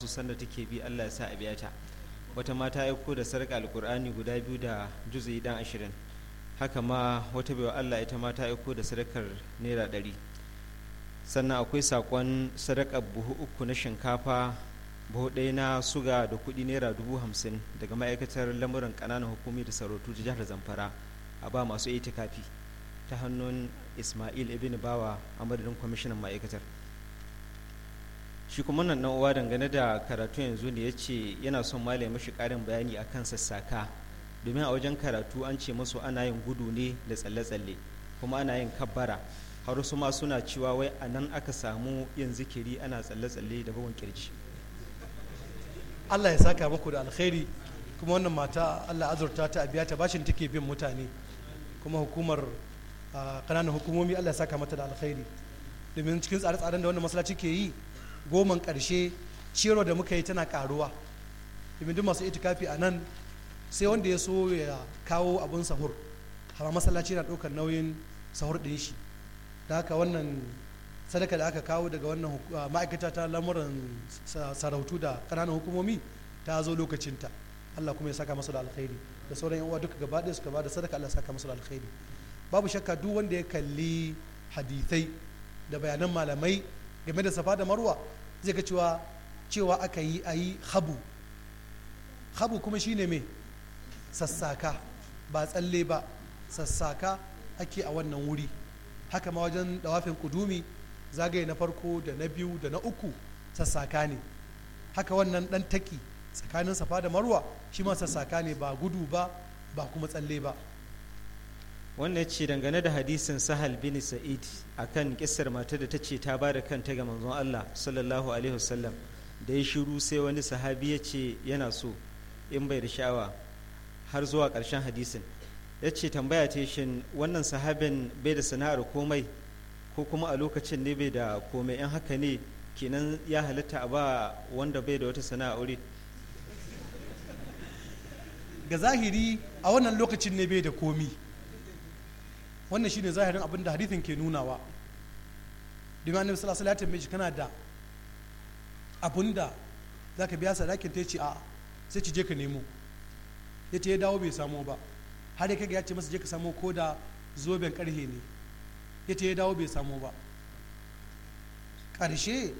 su sanda take bi Allah ya sa a biya ta wata mata ya da saraka alkur'ani guda biyu da juzuyi dan ashirin haka ma wata baiwa Allah ita mata ya da sarakar naira ɗari sannan akwai sakon sadakar buhu uku na shinkafa buhu ɗaya na suga da kuɗi naira dubu hamsin daga ma'aikatar lamuran ƙananan hukumi da sarautu jihar zamfara a ba masu itikafi ta hannun ismail ibn bawa a madadin kwamishinan ma'aikatar shi kuma nan nan uwa dangane da karatu yanzu ne ya ce yana son malami mashi karin bayani akan sassaka domin a wajen karatu an ce musu ana yin gudu ne da tsalle-tsalle kuma ana yin kabbara har su ma suna cewa wai a nan aka samu yin zikiri ana tsalle-tsalle da bugun kirji Allah ya saka muku da alkhairi kuma wannan mata Allah azurta ta biya ta bashin take bin mutane kuma hukumar kananan hukumomi Allah ya saka mata da alkhairi domin cikin tsare-tsaren da wannan masalaci ke yi goman karshe ciro da muka yi tana karuwa domin duk masu itikafi a nan sai wanda ya so ya kawo abin sahur hama masallaci na ɗaukar nauyin sahur ɗin shi da haka wannan sadaka da aka kawo daga wannan ma'aikata ta lamuran sarautu da ƙananan hukumomi ta zo lokacinta allah kuma ya saka masu da alkhairi da sauran yan uwa duka gaba ɗaya suka ba da sadaka allah saka masu da alkhairi babu shakka duk wanda ya kalli hadithai da bayanan malamai game da safa da marwa zai ga cewa cewa aka yi a yi habu habu kuma shine mai sassaka ba tsalle ba sassaka ake a wannan wuri haka ma wajen dawafin kudumi zagaye na farko da na biyu da na uku sassaka ne haka wannan dan taki tsakanin safa da marwa shi ma sassaka ne ba gudu ba ba kuma tsalle ba wannan ce dangane da hadisin sahal bin sa'id akan kisar mata da ta ce ta ba da kanta ga manzon Allah sallallahu alaihi wasallam da ya shiru sai wani sahabi ya ce yana so in bai da sha'awa har zuwa ƙarshen hadisin ya ce tambaya ta shin wannan sahabin bai da sana'ar komai ko kuma a lokacin ne bai da komai in haka ne kenan ya halitta a ba wanda bai da wata sana'a aure ga zahiri a wannan lokacin ne bai da komi wannan shine zahirin abin da hadithin ke nunawa domin annabi sallallahu alaihi wasallam ya tambaye kana da abin da zaka biya sadakin ta ce a sai ci je ka nemo ya ce ya dawo bai samu ba har yake ya ce masa je ka samu ko da zoben karhe ne ya ce ya dawo bai samu ba ƙarshe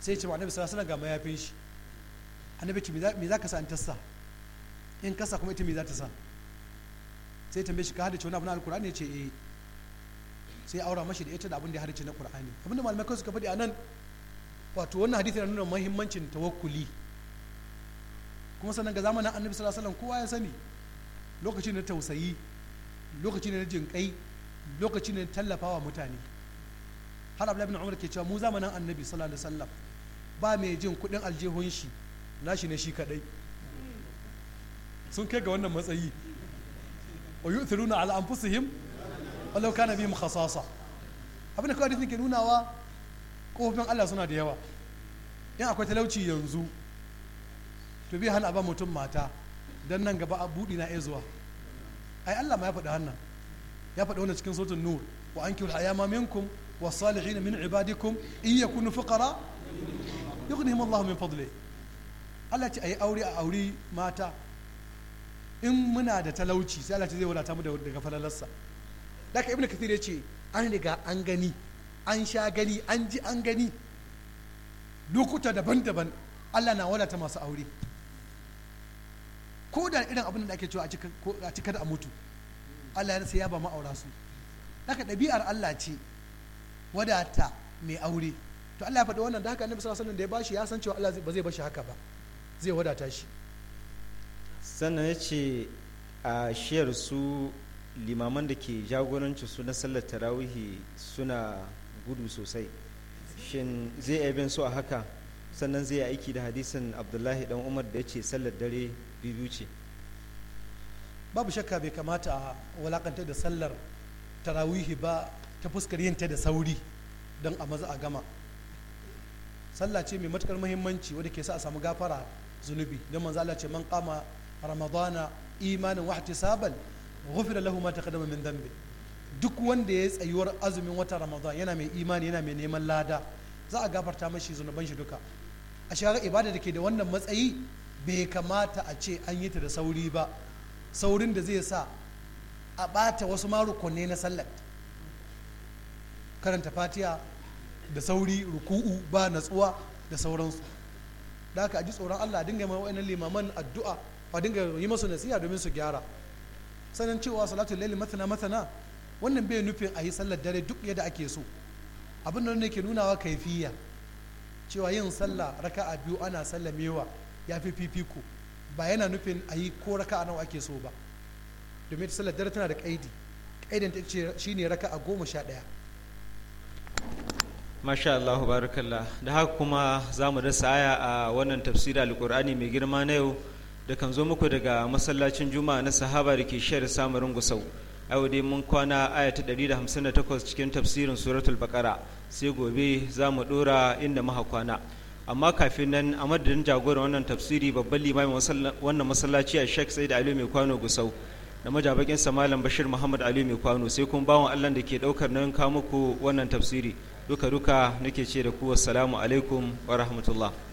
sai ce annabi sallallahu alaihi wasallam ga mayafin shi annabi ce me za ka sa an tassa in kasa kuma ita me za ta sa sai tambaye shi ka hada ce wani abu na alkur'ani ya ce eh sai aura mashi da ita da abin da ya harice na qur'ani abin da malamai kawai suka faɗi a nan wato wannan hadisi na nuna muhimmancin tawakkuli kuma sannan ga zamanin annabi sallallahu alaihi kowa ya sani lokaci na tausayi lokaci ne na jinkai lokaci na tallafawa mutane har abdullahi ibn umar ke cewa mu zamanin annabi sallallahu alaihi wasallam ba mai jin kudin aljihun shi nashi ne shi kadai sun kai ga wannan matsayi wa yu'thiruna ala anfusihim walau kana bihim khasasa abin da kawai da ke nunawa kofin Allah suna da yawa in akwai talauci yanzu to bi hana ba mutum mata don nan gaba a buɗi na zuwa ai Allah ma ya faɗi hannan ya faɗi wani cikin sautin nur wa ankihul ayama minkum والصالحين من عبادكم إن يكونوا فقراء يغنيهم الله من فضله Allah ce a aure a aure mata in muna da talauci sai Allah ce zai wadata mu daga falalarsa daga ibn kathir ya ce an riga an gani an sha gani an ji an gani lokuta daban-daban allah na wadata masu aure ko da irin abin da ake cewa a cika da a mutu allah ya sai ya ba ma'aura su daga ɗabi'ar allah ce wadata mai aure to allah ya faɗi wannan da haka annabi sallallahu alaihi da ya bashi ya san cewa allah ba zai bashi haka ba zai wadata shi sannan ya ce a shiyar su limaman da ke jagoranci su na sallar tarawihi suna gudu sosai shin zai iya bin su a haka sannan zai aiki da hadisin abdullahi dan umar da ya ce sallar dare biyu ce babu shakka bai kamata a walakanta da sallar tarawihi ba ta fuskar yin ta da sauri don a maza a gama sallah ce mai matukar muhimmanci wadda ke sa a samu gafara zunubi don manzala ce man kama ramadana imanin wahtisaban ghufira lahu ma taqaddama min dhanbi duk wanda ya tsayuwar azumin wata ramadan yana mai imani yana mai neman lada za a gafarta mashi zunuban shi duka a shara ibada da ke da wannan matsayi bai kamata a ce an yi ta da sauri ba saurin da zai sa a ɓata wasu ma rukunne na sallar karanta fatiya da sauri ruku'u ba natsuwa da sauransu da aka ji tsoron allah dinga mai wa'annan limaman addu'a a dinga yi masu nasiha domin su gyara sanin cewa salatu laili mathana mathana wannan bai nufin a yi sallar dare duk yadda ake so abin da ne ke nunawa kaifiya cewa yin sallah raka'a biyu ana sallamewa ya fi fifiko ba yana nufin a yi ko raka'a nawa ake so ba domin ta sallar dare tana da kaidi kaidin ta ce shine raka'a goma sha ɗaya masha Allah barakallah da haka kuma za mu dasa aya a wannan tafsira alƙur'ani mai girma na yau da kan zo muku daga masallacin juma'a na sahaba da ke shayar samarin gusau a yau dai mun kwana aya ta 158 cikin tafsirin suratul bakara sai gobe za mu dora inda maha kwana amma kafin nan a madadin jagoran wannan tafsiri babban limamin wannan masallaci a shek sai da aliyu mai kwano gusau da majabakin malam bashir muhammad ali mai kwano sai kun bawon allah da ke ɗaukar nan kawo muku wannan tafsiri duka duka nake ce da ku assalamu alaikum wa rahmatullah